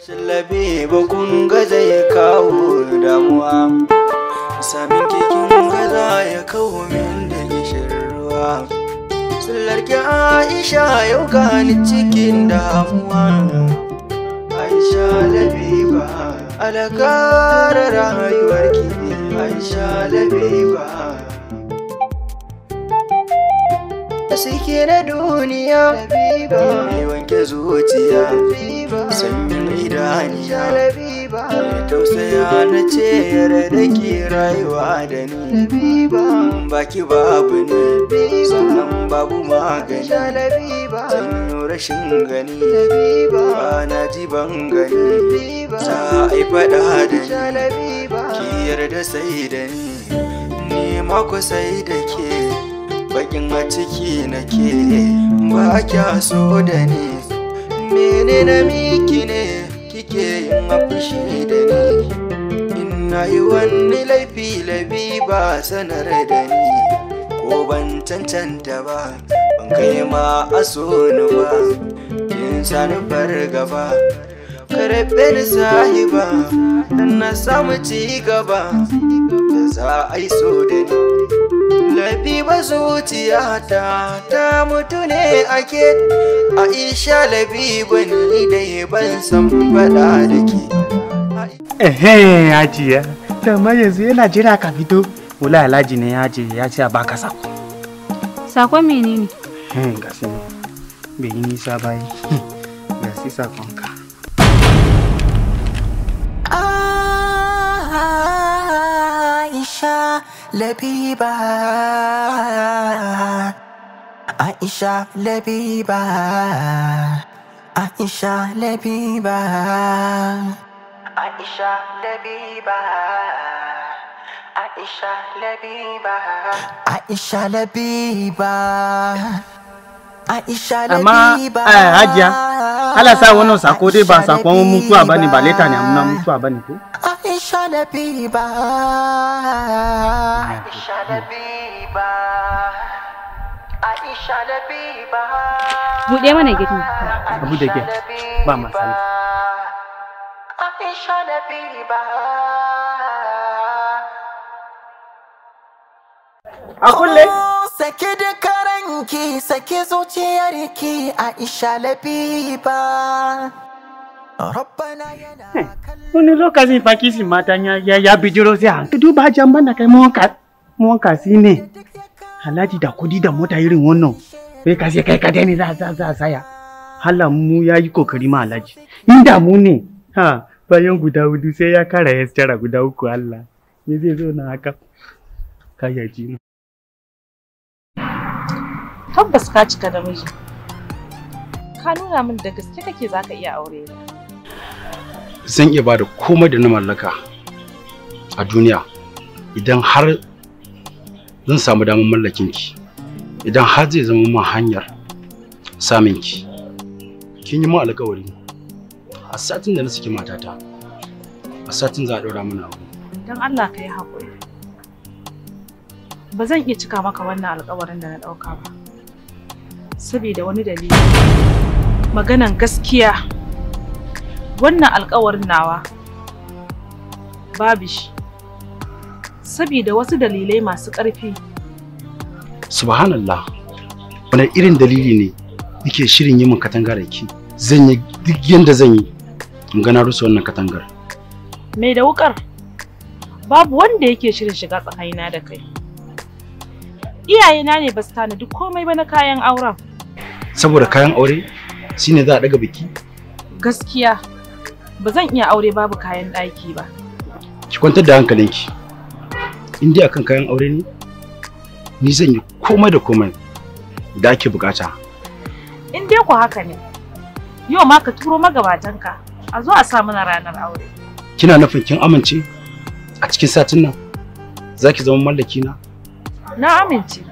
Shallabe ba kun gaza ya kawo damuwa, sabin kekin gaza ya kawo min da gishin ruwa. Sallarki Aisha yau gani cikin damuwa, Aisha labiba, alakarar rayuwarki, Aisha labiba. suke na duniya mai wanke zuciya sanyin idaniya mai tausaya na ce da ke rayuwa da ni baki babu ne sannan babu magani sanyo rashin gani ba na ji ban gani za a da ni ki yarda sai da ni ni mako sai da ke bakin a nake ba kya so da ni mene na miki ne kike yin afushi da ni ina yi wani laifi laifi ba sanar da ni ko ban cancanta ba ban kai ma a so ba kin sani fargaba karɓe ni sahiba na samu ci gaba da za a yi so da ni Labiba zuciyata ta mutu ne ake Aisha Labiba ni dai ban san faɗa da ke. Ehe hajiya, ma yanzu yana jira ka fito. Wula alaji ne ya je ya ce a baka sako. Sakon menene? Hmm, ga shi bai yi nisa ba yi. Ga shi sakonka. Ah, Aisha. Lebiba Aisha Lebiba Aisha Lebiba Aisha Lebiba Aisha Lebiba Aisha Lebiba Aisha Lebiba Ama eh haja ala sa wono sakode ba sakon mu ku abani baleta ne amna mu ku abani ko Aisha Nabiba Aisha Nabiba Aisha Nabiba Buɗe mana gidi Abu da gidi ba matsala Aisha Nabiba A kulle Sake da karanki sake zuciyarki Aisha Labiba Ah. wani lokacin fa kishin mata ya ya bijiro sai hanka duba jan bana kai mun kasi ne alhaji da kudi da mota irin wannan bai ka kai ka dai ne za za za saya hala mu ya yi kokari ma alhaji inda mu ne ha bayan guda hudu sai ya kara ya tara guda uku Allah me zai zo na haka kayaji ne tabbas ka cika da miji ka nuna min da gaske kake zaka iya aure ni zan iya ba da komai da na mallaka a duniya idan har zan samu damar mallakin ki idan har zai zama ma hanyar samun ki kin yi mun alƙawari a satin da na saki matata a satin za a ɗora mana abu don Allah ka yi haƙuri ba zan iya cika maka wannan alƙawarin da na ɗauka ba saboda wani dalili maganan gaskiya wannan alƙawarin nawa babu shi saboda wasu dalilai masu ƙarfi subhanallah wani irin dalili ne yake shirin yi min katanga da ki zan yi duk yadda zan yi in gana rusa wannan katangar mai da wukar babu wanda yake shirin shiga tsakanina da kai iyayena ne ba su duk komai ba na kayan auren saboda kayan aure shine za a daga biki gaskiya ba zan iya aure babu kayan ɗaki ba. Ki kwantar da hankalinki. In dai akan kayan aure ne, ni zan yi komai da komai da ake bukata. In dai ku haka ne, yau ma ka turo magabatanka a zo a sa mana ranar aure. Kina nufin kin amince a cikin satin nan za ki zama mallaki na? Na amince.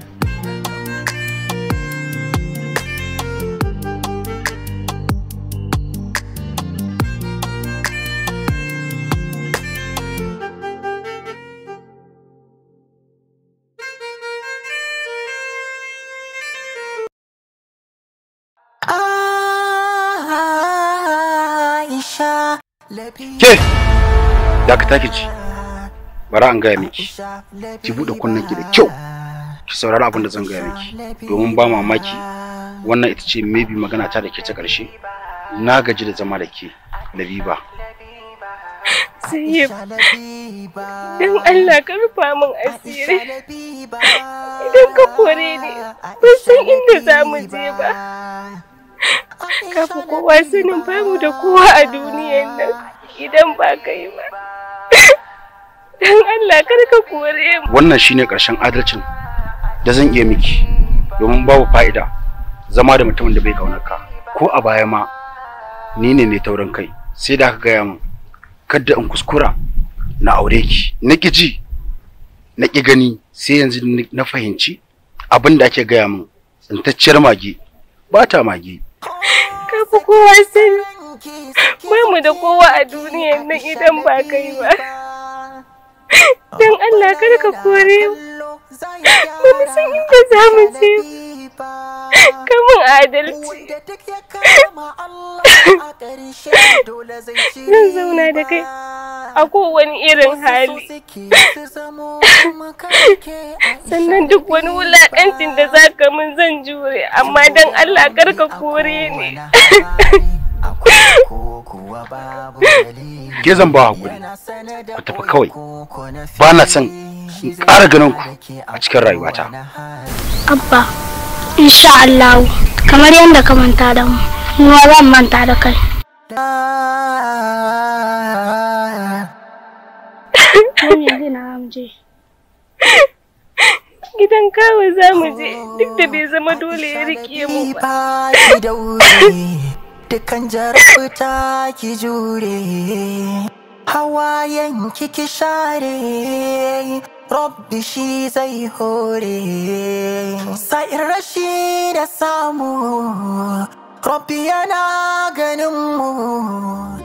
Ke! Da ta-ka take ci. Bari an gaya miki. Ki buɗe kunnen ki da kyau. Ki saurari abin da zan gaya miki. Domin ba mamaki wannan ita ce maybe magana ta da ke ta ƙarshe. Na gaji da zama da ke, Labiba. Sayyid, don Allah ka rufa min asiri. Idan ka kore ni, ban san inda za mu je ba. Kafin kowa sanin bamu da kowa a duniyan nan idan ba ka yi ba don Allah kar ka kore mu wannan shine karshen adalcin da zan iya miki domin babu fa'ida zama da mutumin da bai kaunar ko a baya ma ni ne mai taurin kai sai da aka gaya min Kadda in kuskura na aure ki ki ji na ki gani sai yanzu na fahimci abinda ake gaya min tsintacciyar mage ba ta mage ka fi kowa sani ba mu da kowa a duniya nan idan ba kai ba don allah kada ka kore mu ba mu san inda za mu je ba kamun adalci zan zauna da kai a kowane irin hali sannan duk wani wulaƙancin da za ka min zan jure amma don allah karka kore ne ke zan ba hakuri ku tafi kawai ba na son in ƙara ganin ku a cikin rayuwata abba insha Allah kamar yadda ka manta da mu mu zan manta da kai gidan kawo za mu je duk da bai zama dole ya rike mu ba dukkan jarabta ki jure hawayen kiki share rabbi shi zai hore sa'in rashi da samu rabbi yana ganin mu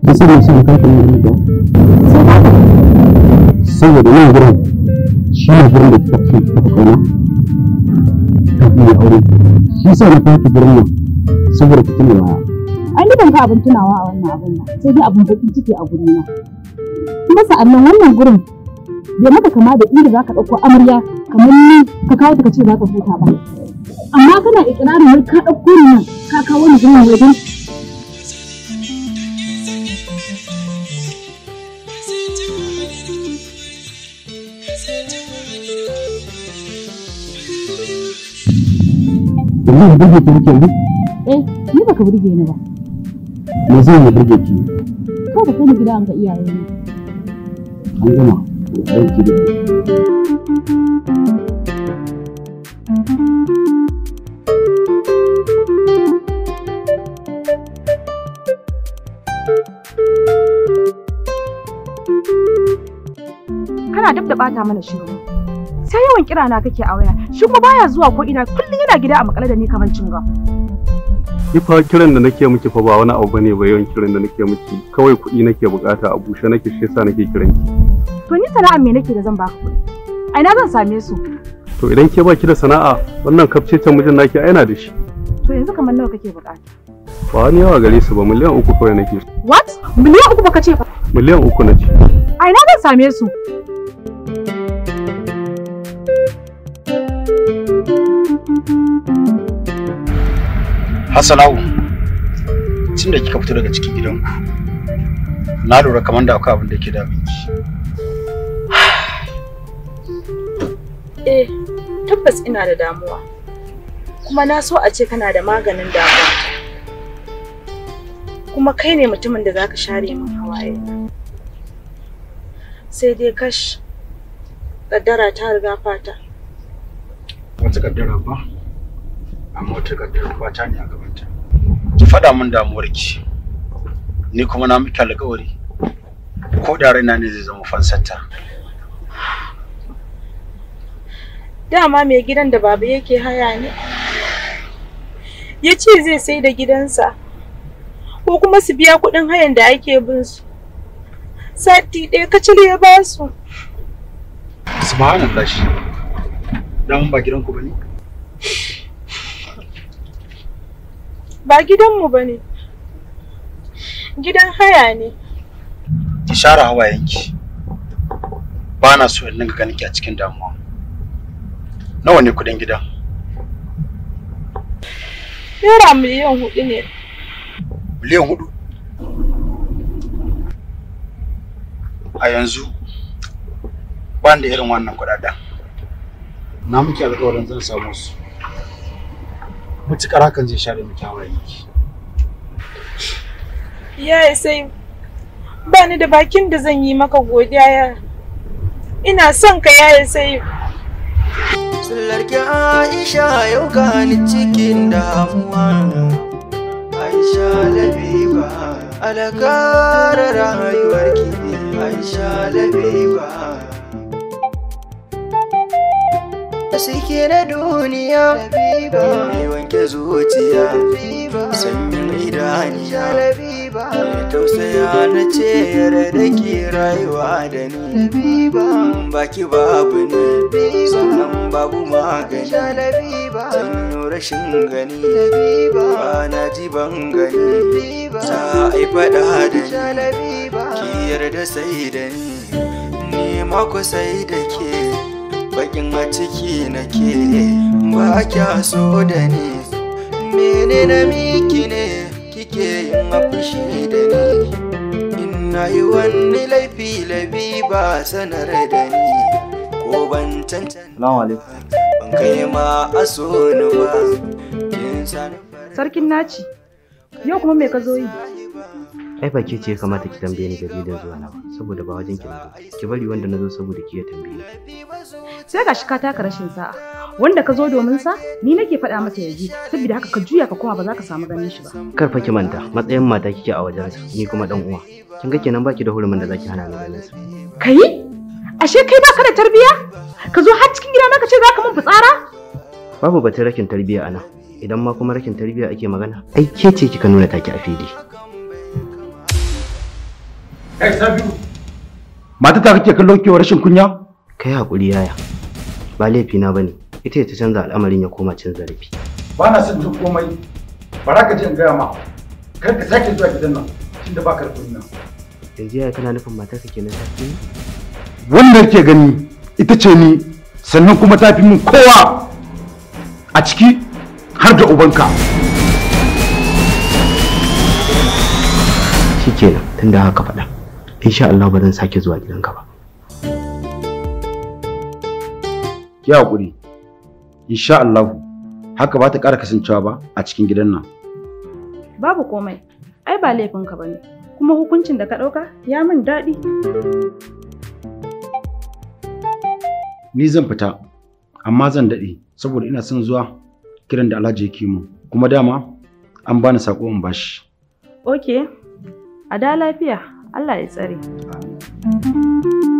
This is the second saboda nan gurin shi ne gurin da kika fi kafa kauna ta biyu aure shi sa na fata gurin nan saboda ka tuna baya an yi ban ka abin tunawa a wannan abin ba sai dai abin bakin ciki a gurin nan, kuma sa'annan wannan gurin bai maka kama da inda za ka ɗauko amarya kamar ni ka kawo ta ka ce za ka huta ba amma kana ikirarin wai ka ɗauko ni nan ka kawo ni gurin wajen ni burge ki nake eh ni baka burge ni ba me zai ne burge ki da gida an ga iyaye ne an gama ki da Kana duk da bata mana shiru. sai yawan kira na kake a waya shi kuma baya zuwa ko ina kullum yana gida a makale da ni kamar cinga ki fa kiran da nake miki fa ba wani abu bane ba yawan kiran da nake miki kawai kuɗi nake bukata a bushe nake shi yasa nake kiran ki to ni sana'a me nake da zan baka kuɗi a ina zan same su to idan ke baki da sana'a wannan kafcecen mijin naki ai yana da shi to yanzu kamar nawa kake bukata ba wani yawa gare su ba miliyan uku kawai nake what miliyan uku baka ce ba miliyan uku na ai a ina zan same su Hassanau, tun da kika fito daga cikin gidanku, na lura kamar da akwai abin da ke damun ki. Eh, tabbas ina da damuwa. Kuma na so a ce kana da maganin damuwa. Kuma kai ne mutumin da zaka share min hawaye. Sai dai kash, kaddara ta riga fata. Wata kaddara ba? amma takardar ta ne a gabanta ki faɗa min damuwarki ni kuma na miki alƙawari ko da raina ne zai zama fansarta dama mai gidan da baba yake haya ne ya ce zai sai da gidansa ko kuma su biya kuɗin hayan da ake bin su sati ɗaya kacil ya ba su subhanallah shi dan ba gidanku bane Ba gidanmu ba ne. Gidan haya ne. Ki share hawayenki. Ba na so in ga ganin ki a cikin damuwa. Nawa ne kuɗin gidan? Naira miliyan hudu ne. Miliyan hudu? A yanzu ban da irin wannan kudaden Na muke alƙawarin zan samu su. matukar hakan zai share miki hawaye ya sai ba ni da bakin da zan yi maka godiya ya ina son ka ya sai Sallarki Aisha yau ka ni cikin damuwa Aisha Labiba rayuwar rayuwarki Aisha Labiba suke na duniya mai wanke zuciya sanyin idaniya mai tausaya na ce yare da ke rayuwa da ni baki babu ne sannan babu magani sanyo rashin gani ba na ji ban gani ta faɗa da ni ki yarda sai da ni ni mako sai da ke bakin a ciki nake ba kya so da ni mene na miki ne kike yin mafushi da ni ina yi wani laifi laifi ba sanar da ni ko ban tantance ban kai ma a so ni ba sarkin naci yau kuma me ka zo yi ai ba ke ce ya kamata ki tambaye ni dalilin zuwa na ba saboda ba wajen ki ba ki bari wanda na zo saboda ki ya tambaye ni sai ga ka taka rashin sa'a wanda ka zo domin sa ni nake faɗa mata yaji saboda haka ka juya ka koma ba za ka samu ganin shi ba kar fa ki manta matsayin mata kike a wajen ni kuma dan uwa kin ga kenan baki da hurumin da zaki hana ni ganin sa kai ashe kai baka da tarbiya ka zo har cikin gidana ka ce za ka mun fitsara babu batun rakin tarbiya a nan idan ma kuma rakin tarbiya ake magana ai ke ce kika nuna taki a fili Kai Sabiu. Mata ta kake kallo kewa rashin kunya? Kai hakuri yaya. Ba laifi na bane. Ita ta canza al'amarin ya koma cin zarafi. Ba na son duk komai. Bara ka je in gaya ma. Kar ka sake zuwa gidan nan tunda ba ka da kunya. Yanzu yaya kana nufin matar ka kenan sarki? Wanda yake gani ita ce ni sannan kuma ta fi min kowa a ciki har da ubanka. Shikenan tunda haka faɗa. insha Allah ba zan sake zuwa gidanka ba ki hakuri insha Allah haka ba ta ƙara kasancewa ba a cikin gidan nan babu komai ai ba laifinka ne, kuma hukuncin da ka ɗauka ya min daɗi ni zan fita amma zan daɗe saboda ina son zuwa kiran da Alhaji yake mu kuma dama an bani sako in bashi. Ok, a da lafiya. Allah ya tsare. Amin.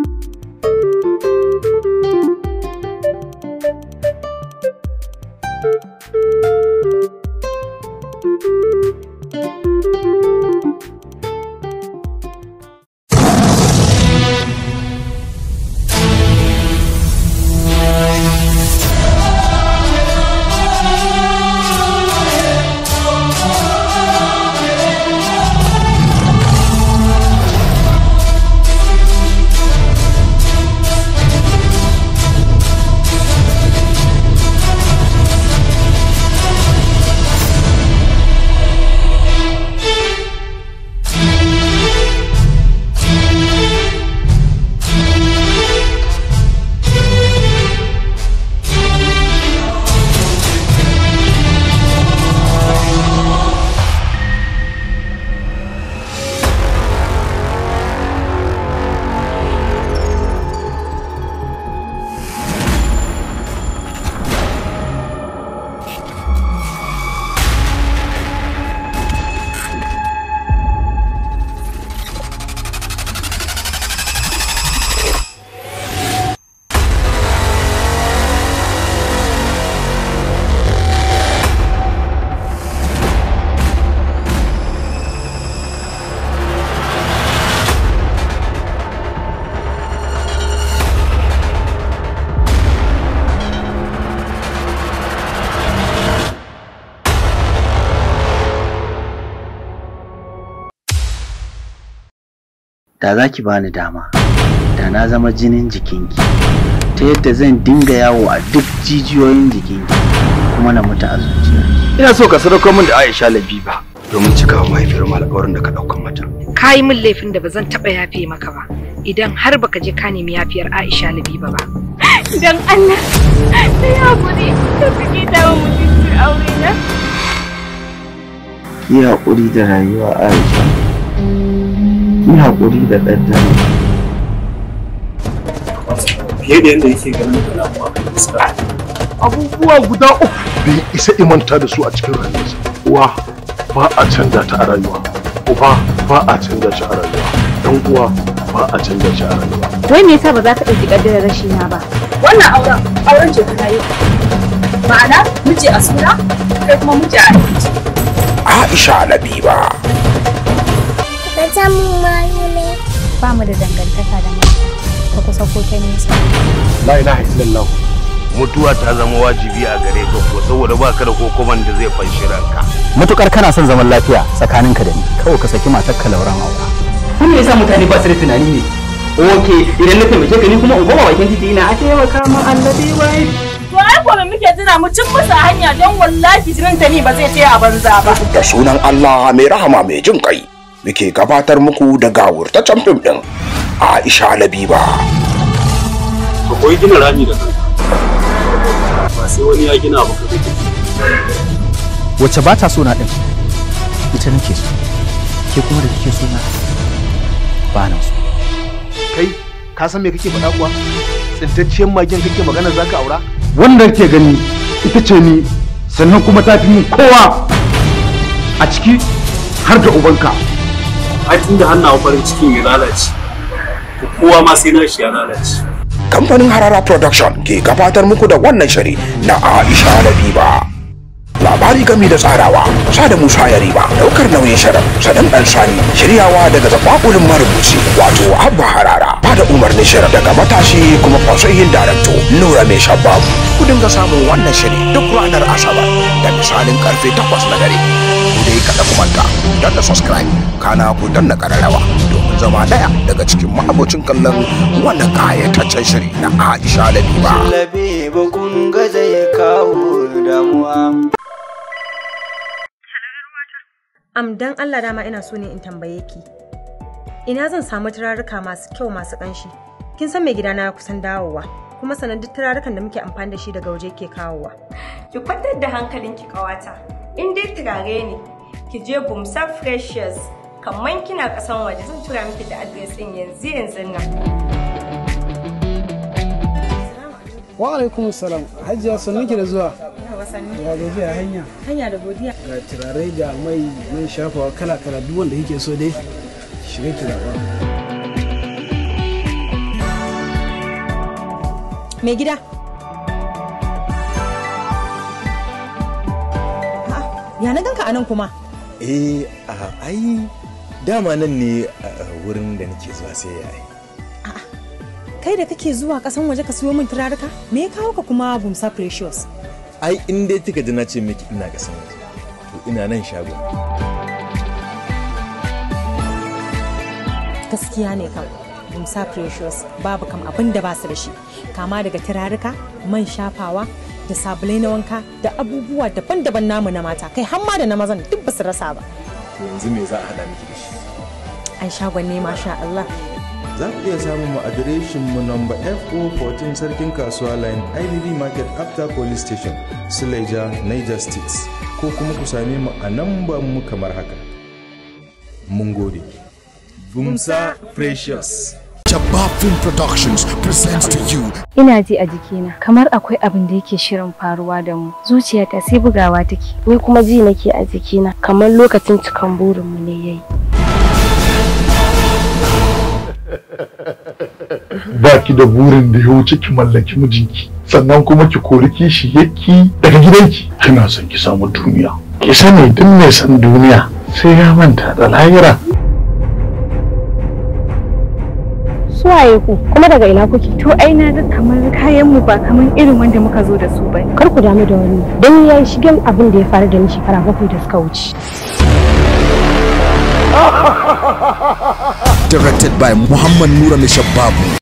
da za ki bani dama da na zama jinin jikinki ta yadda zan dinga yawo a duk jijiyoyin jikinki kuma na mutu a zuciya ina so ka sadaukar min da aisha labiba domin cikawa mahaifiyar alƙawarin da ka ɗaukar mata ka yi min laifin da ba zan taɓa yafe maka ba idan har baka je ka nemi yafiyar aisha labiba ba idan allah ya yi haƙuri ta fi dawo cikin aure na Ya ƙuri da rayuwa aisha yi haƙuri da ɗan fiye da yadda yake ganin kana kuma fuska abubuwa guda uku bai isa imanta da su a cikin rayuwarsa uwa ba a canza ta a rayuwa uba ba a canza shi a rayuwa dan uwa ba a canza shi a rayuwa wai me yasa ba za ka ɗauki ƙaddarar rashi na ba wannan auren auren ce kana yi ma'ana miji a suna kai kuma miji a abinci Aisha Labiba samun malume. Ba mu da dangantaka da mata, ta kusa ko ta nesa. La ilaha illallah. Mutuwa ta zama wajibi a gare ka ko saboda ba ka da kokoman da zai fanshi ranka. Mutukar kana son zaman lafiya tsakaninka da ni, kawai ka saki matar ka lauran aura. Kun me yasa mutane ba su da tunani ne? Oke, idan na taimake ka ni kuma in goma bakin titi ina a taimaka ma annabi wai. To ai ko muke tuna mu cin musu hanya don wallahi jinin ta ni ba zai ce a banza ba. Da sunan Allah mai rahama mai jin kai. muke gabatar muku da gawurtaccen fim ɗin Aisha Labiba. Akwai gina rami da ba sai wani ya gina ba Wacce ba ta so na ɗin? Ita nake so. Ke kuma da kike so na ba na so. Kai, ka san me kake faɗa kuwa? Tsintacciyar magen kake magana za ka aura? Wanda ke gani ita ce ni sannan kuma ta fi kowa a ciki har da ubanka. ai tunda hannawa farin cikin ya lalace kowa ma sai nashi ya lalace kamfanin harara production ke gabatar muku da wannan shiri na aisha biba. labari gami da tsarawa sa da musa ya riba daukar nauyin shirin sadan dan sani shiryawa daga zabakulin marubuci wato abba harara da umarnin shirin daga matashi kuma fasohin darakto nura mai shabbabu. ku dinga samun wannan shiri duk ranar asabar da misalin karfe 8 na dare ku dai kada ku manta don da subscribe kana ku don na kararrawa domin zama daya daga cikin ma'abocin kallon wannan kayataccen shiri na aisha labiba labiba kun ga zai kawo damuwa am dan allah dama ina so ne in tambaye ki ina zan samu turaruka masu kyau masu kanshi kin san mai gidana ya kusan dawowa kuma sanan duk turarukan da muke amfani da shi daga waje ke kawowa ki kwantar da hankalinki kawata in dai turare ne ki je bumsa freshers kamar kina kasan waje zan tura miki da adres yanzu yanzu nan wa alaikum salam hajiya sun ki da zuwa ya gajiya hanya hanya da godiya ga turare da mai man shafawa kala kala duk wanda kike so dai shiga ki zaɓa. Mai gida. Ah, ya na ganka a nan kuma? Eh, a ai dama nan ne wurin da nake zuwa sai ya yi. Kai da kake zuwa kasan waje ka siyo min turaruka? Me ya kawo ka kuma Bumsa Precious? Ai, in dai kika da na ce miki ina kasan waje. To ina nan shago. gaskiya ne kan musa precious babu kam abin da basu da shi kama daga turaruka man shafawa da sabulai na wanka da abubuwa daban-daban namu na mata kai hamma da na mazan duk basu rasa ba yanzu me za a hada miki da shi an ne masha Allah za ku iya samun mu adireshin mu namba fo 14 sarkin kasuwa line ibb market after police station suleja niger state ko kuma ku same mu a namban mu kamar haka mun gode Bumsa Precious. Jabba Film Productions presents to you. Ina ji a jikina kamar akwai abin da yake shirin faruwa da mu. Zuciyata sai bugawa take. Ni kuma ji nake a jikina kamar lokacin cikan burinmu ne yayi. Ba ki da burin da ya wuce ki mallaki mijinki. Sannan kuma ki kori kishi yake daga gidanki. Kana son ki samu duniya. Ki sani duk mai son duniya sai ya manta da lahira. Su waye ku kuma daga ina kuke? To ai na ga kamar kayan mu ba kamar irin wanda muka zo da su ba. Kar ku damu da wani. Dan yayi shigen abin da ya faru da ni shekara bakwai da suka wuce. Directed by Muhammad Nura Mishababu.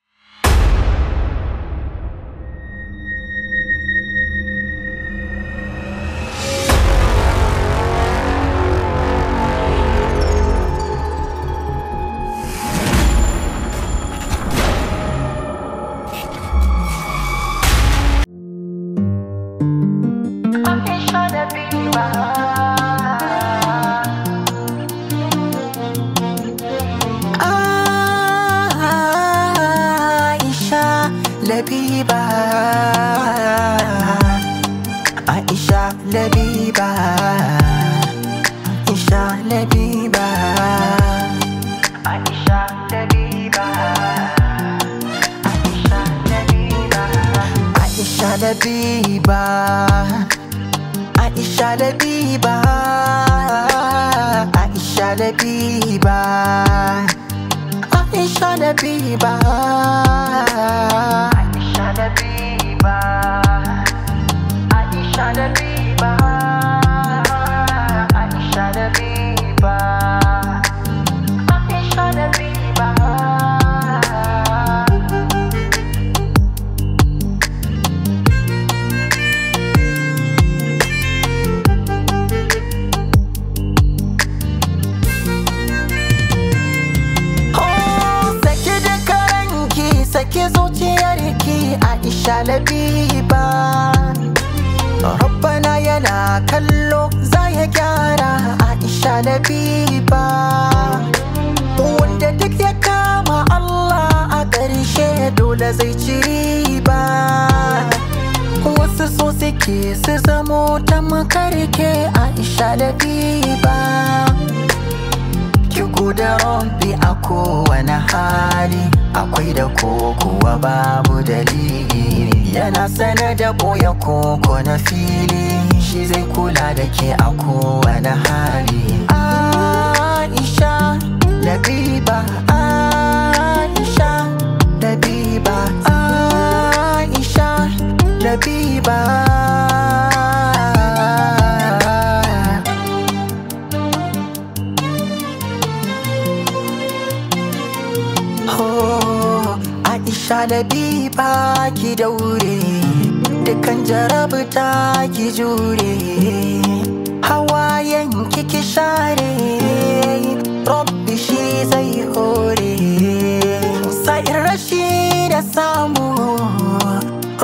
Labiba Aisha Labiba Aisha Labiba Aisha Labiba Aisha Labiba sha ba rabbana yana kallo za ya gyara aisha shalabiba wanda duk ya kama allah a ƙarshe dole zai ci ba wasu so suke su zamo ta makarke aisha shalabiba Iko da rompi a kowane hali Akwai da kokowa babu dalili Yana sana da koya koko na fili Shi zai kula da ke a kowane hali Aisha, Labiba, Aisha, Labiba, Aisha, Labiba tanadi ba ki daure jarabu jarabta ki jure hawayen kiki share rabbi shi zai hore sa'ir rashi da samu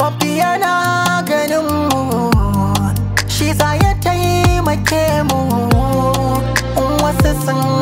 rabbi yana ganin mu shi za ya taimake mu wasu sun